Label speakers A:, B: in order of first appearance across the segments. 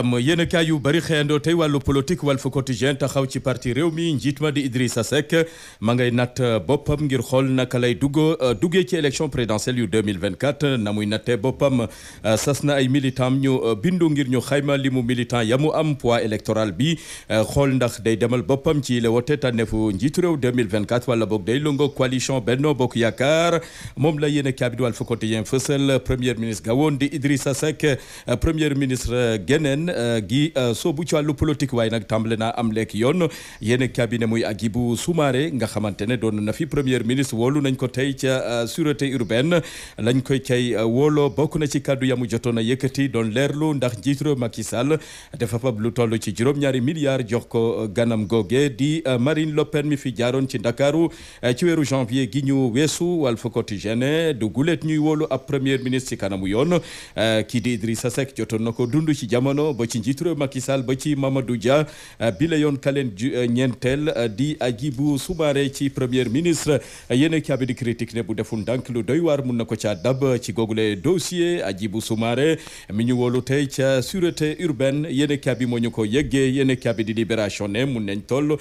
A: am yéen kaay yu bari xëyandoo tey wàllu politique Walf Quotidien taxaw ci parti réew mi njiit ma di Idrissa Seck ma ngay boppam ngir xool naka lay duggoo euh, duggee ci élection présidentielle yu 2024 na muy nattee boppam euh, sas na ay militant ñu euh, bindu ngir ñu xayma li mu militant ya mu am poids électoral bi xool ndax day demal boppam ci le wote tànneefu njiitu réew 2024 wala boog day longo coalition Benno Bokk Yaakaar moom la yéen kaay bi di Walf Quotidien fësal premier ministre gawoon di Idrissa Seck premier ministre geneen Euh, gi euh, soobu ci wàllu politique waaye nag tàmbale naa am lekk yoon yéen cabinet muy Agibou Soumaré nga xamante ne doon na fi premier ministre woolu nañ ko tey ca euh, sûreté urbaine lañ koy cay wooloo bokk na ci kaddu yamu jotoon a yëkkati doon leerlu ndax njiit réew Macky Sall dafa fab lu toll ci juróom-ñaari milliards jox ko ganam googe di Marine Le mi fi jaaroon ci Ndakaaru ci weeru janvier gi ñu weesu Walf Quotidien du gulet ñuy woolu ab premier ministre ci kanamu yoon ba ci njiitu réew Macky Sall ba ci Mamadou Dia euh, bi la yoon kaleen euh, ñeenteel euh, di Hadjibou Soumaré ci premier ministre yéena kaabi di ne bu deful ndànk lu doy war mun na ko ca dab ci googule dossier Hadjibou Soumaré mi ñu wolu tey ca sûreté urbaine yéena kaabi moo ñu ko yëggee yéena kaabi di ne mun nañ toll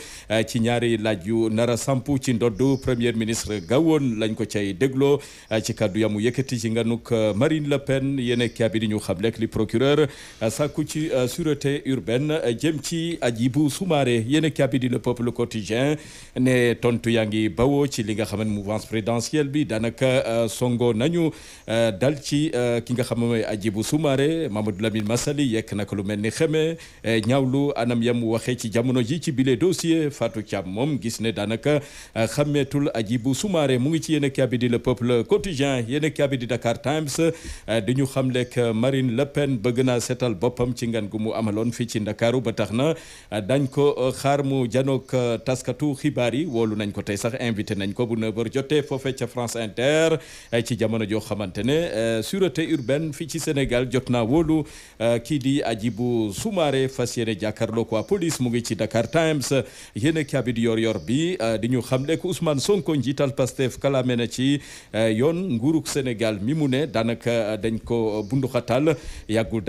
A: ci ñaari laaj yu nara sampu ci ndoddu premier ministre gawoon lañ ko cay dégloo ci kaddu yamu yëkkati ci nganuk Marine Le Pen yéena kaabi di ñu xam lekk li procureur sàkku ci ci euh, sûreté urbaine euh, jëm ci Hadjibou Soumaré yenn a di le peuple quotidien ne tontu yaa ngi bawoo ci li nga xam ne mouvance présidentielle bi daanaka euh, songoo nañu dal ci ki nga xam ne Hadjibou Soumaré Mamadou Lamine Massaly yekk naka lu mel ni xeme ñaawlu anam yam waxee ci jamono ji ci bile dossier faatu Thiam moom gis ne daanaka xàmmeetul Hadjibou Soumaré mu ngi ci yéen a di le peuple quotidien yéen a di Dakar Times dañu xamle Marine Le Pen bëgg naa seetal boppam ci ngan gu mu amaloon fii ci Ndakaaru ba tax na euh, dañ ko euh, xaar mu janook euh, taskatu xibaar yi woolu nañ ko tey sax invité nañ ko bu 9h jotee foofee ca France Inter ci jamono joo xamante ne sûreté urbaine fii ci Sénégal jot naa woolu kii di Hadjibou Soumaré fas yéene jàkkaarloo ko police mu ngi ci Dakar Times yéena kaabi di yor yor bi di ñu xam lekk Ousmane Sonko njiital Pastef kalaame na ci yoon nguuruk Sénégal mi mu ne daanaka dañ ko bunduxatal yàggul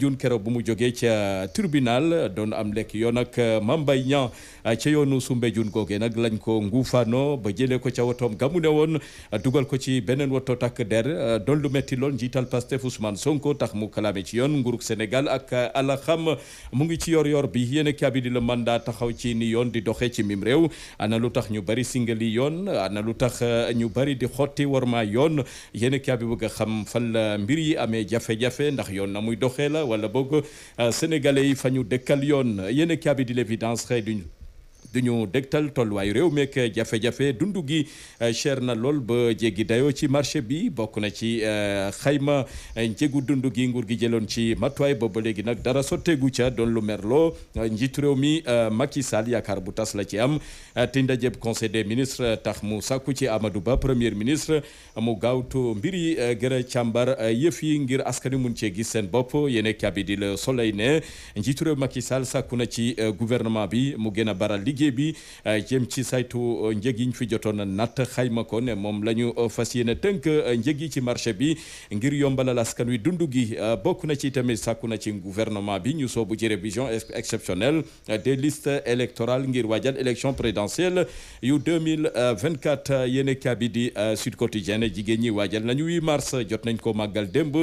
A: Soudione keroog bu mu jógee ca tribunal doon am lekk yoon ak euh, Mame Mbaye Niang euh, ca yoonu Soumbédioune googee nag lañ ko nguufaanoo ba jëlee ko ca wotoom gamu ne woon euh, dugal ko ci beneen woto takk der doon lu metti lool njiital Pastef Ousmane Sonko tax mu kalaame ci yoon nguurug Sénégal ak alaxam mu ngi ci yoor yor bi yéen di la man daa taxaw ci ni yoon di doxee ci mim réew ana lu tax ñu bari singali yoon ana lu tax ñu bari di xotti war ma yoon yéen kaabi bëgg a xam fan mbir yi amee jafe ndax yoon wala boog euh, sénégalais yi fa ñu dëkkal yoon yéen a kaabi di l'évidence duñu degtal tolluwaayu réew meek jafe-jafe dund gi euh, cher na lool ba jéggi dayo ci marché bi bokk na ci euh, xayma euh, njëgu dund gi nguur gi jëloon ci matuwaay booba léegi nag dara sotteegu ca doon lu merloo njiitu réew mi Macky Sall yaakaar bu tas la ci am te ndajeb conseil des ministre tax mu sakku ci amadu Ba premier ministre mu gaawtu mbir yi gën a càmbar yëf yi ngir askan wi mun cee gis seen bopp yéene kabi di Le Soleil ne njiitu réew Macky Sall sàkku na ci gouvernement bi mu gën a baral liggéey bi euh, jëm ci saytu euh, njëg yi ñu fi jotoon natt xayma ko ne moom la ñu euh, fas yéene tënk njëg yi ci marché bi ngir yombalal askan wi dund gi bokk na ci tamit sàkku na ci gouvernement bi ñu soobu ci révision exceptionnelle des listes électorales ngir waajal élection présidentielle yu 2024 yéene kabidi Sud Quotidien jigéen ñi waajal nañu 8 mars jot nañ ko màggal démb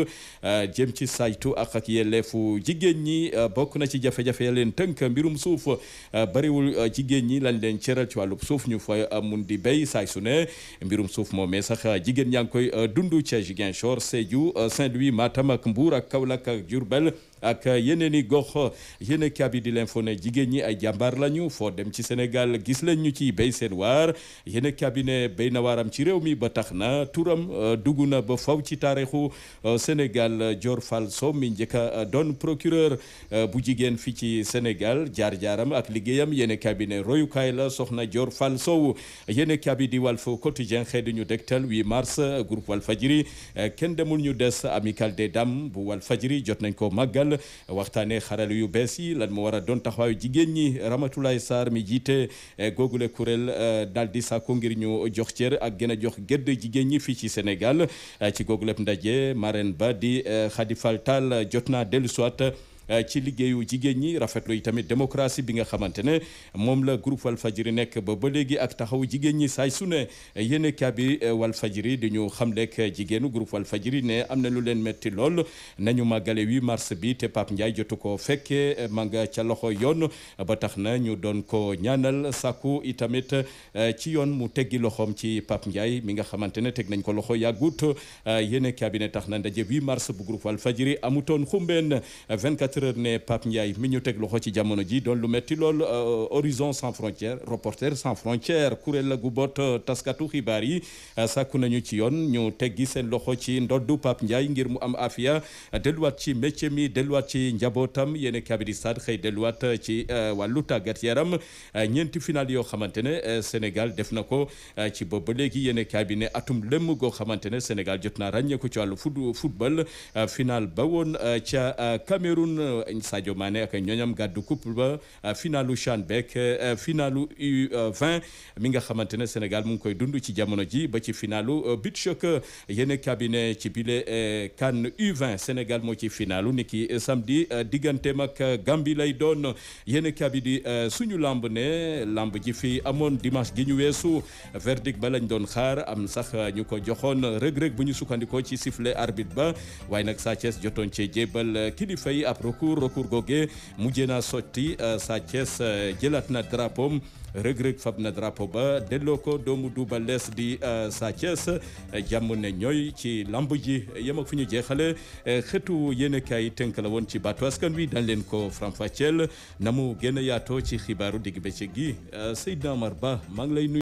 A: jëm ci saytu ak ak yelleefu jigéen ñi bokk na ci jafe-jafe leen tënk mbirum suuf bariwul jigéen ñi lañ leen cëral ci wàllub suuf ñu fa euh, mun di béy saay su ne mbirum suuf moomee sax euh, jigéen ñaa ngi koy euh, dund ca Ziguinchor Sédhiou Saint-Louis Matam ak Mbour ak Kaolack ak Diourbel ak yeneen i gox yéen a kaabi di l'info ne jigéen ñi ay jàmbaar lañu foo dem ci Sénégal gis lañ ñu ci béy seen waar yéen a kaabi ne béy na waaram ci réew mi ba tax na turam euh, dugg na ba faw ci taarixu euh, Sénégal joor Fall Sow mi njëkk a euh, doon procureur bu jigéen fii ci Sénégal jaar jaaram ak liggéeyam yéen a ne royukaay la soxna joor Fall Sow yéen a kaabi di Walf Quotidien xeetu ñu dégtal 8 mars groupe Walfadjri kenn demul ñu des amicale des dames bu Walfadjri jot nañ ko màggal Sénégal waxtaanee xarale yu bees yi lan mu war a doon taxawaayu jigéen ñi Ramatoulaye Sarr mi jiite eh, googule kuréel eh, daal di sàkku ngir ñu jox cere ak gën a jox gedd jigéen ñi fii ci Sénégal eh, ci googuleb ndaje marraine ba di Khady Fall jot na dellu soit Euh, ci liggéeyu jigéen ñi rafetlu yi tamit démocratie bi nga xamante ne moom la groupe Walfadjri nekk ba ba léegi ak taxaw jigéen ñi saay su ne yéene kaabi euh, Walfadjri di ñu xam lekk jigéenu groupe Walfadjri ne am na lu leen métti lool na ñu màggale 8 mars bi te Pape Ndiaye jotu ko fekkee ma ca loxo yoon ba tax na ñu doon ko ñaanal sàkku itamit euh, ci yoon mu teggi loxoom ci Pape njaay mi nga xamante ne teg nañ ko loxo yàggut yéene kaabi ne tax na ndaje 8 mars bu groupe Walfadjri amutoon quatre heures ne Pape Ndiaye mi ñu teg loxo ci jamono ji doon lu metti lool euh, Horizon sans frontières Reporters sans frontières kuréel la gu euh, taskatu xibaar yi euh, sàkku nañu ci yoon ñu teggi seen loxo ci ndoddu Pape njaay ngir mu am afia delluwaat ci métier mi delluwaat ci njabootam yéen kabidi stade xëy delluwaat ci wàllu tàggat yaram ñeenti final yoo xamante ne Sénégal def na ko ci boobu ba léegi yéen cabinet atum lëmm goo xamante ne Sénégal jot naa ràññeeku ci wàllu football final Sadio Mané ak ñoñam gàddu coupe ba euh, finalu CHAN beeg euh, finalu U20 mi nga xamante ne Sénégal mu ngi koy dund ci jamono ji ba ci finalu euh, but choc yene cabinet ci bile kann U20 Sénégal moo ci finalu niki samedi digganteem ak Gambie lay doon yene cabinet suñu lamb ne lamb ji fi amoon dimanche gi ñu weesu verdict ba lañ doon xaar am sax ñu ko joxoon rëg-rëg bu ñu sukkandikoo ci sifflet arbitre ba waaye nag Sa jotoon cee jébal kilifay ab recours recours googee mujjee naa sotti euh, Sa Thiès euh, jëlaat na drapeau am rëg fab na drapeau ba delloo ko doomu Double Less di euh, Sa Thiès jàmm ne ñooy ci lamb ji yem fu ñu jeexale xeetu yéen kay tënk la woon ci baatu askan wi dañ leen ko faram-fàcceel na mu gën a yaatoo ci xibaaru digg bëccëg gi Seydina Omar Ba maa ngi lay nuyu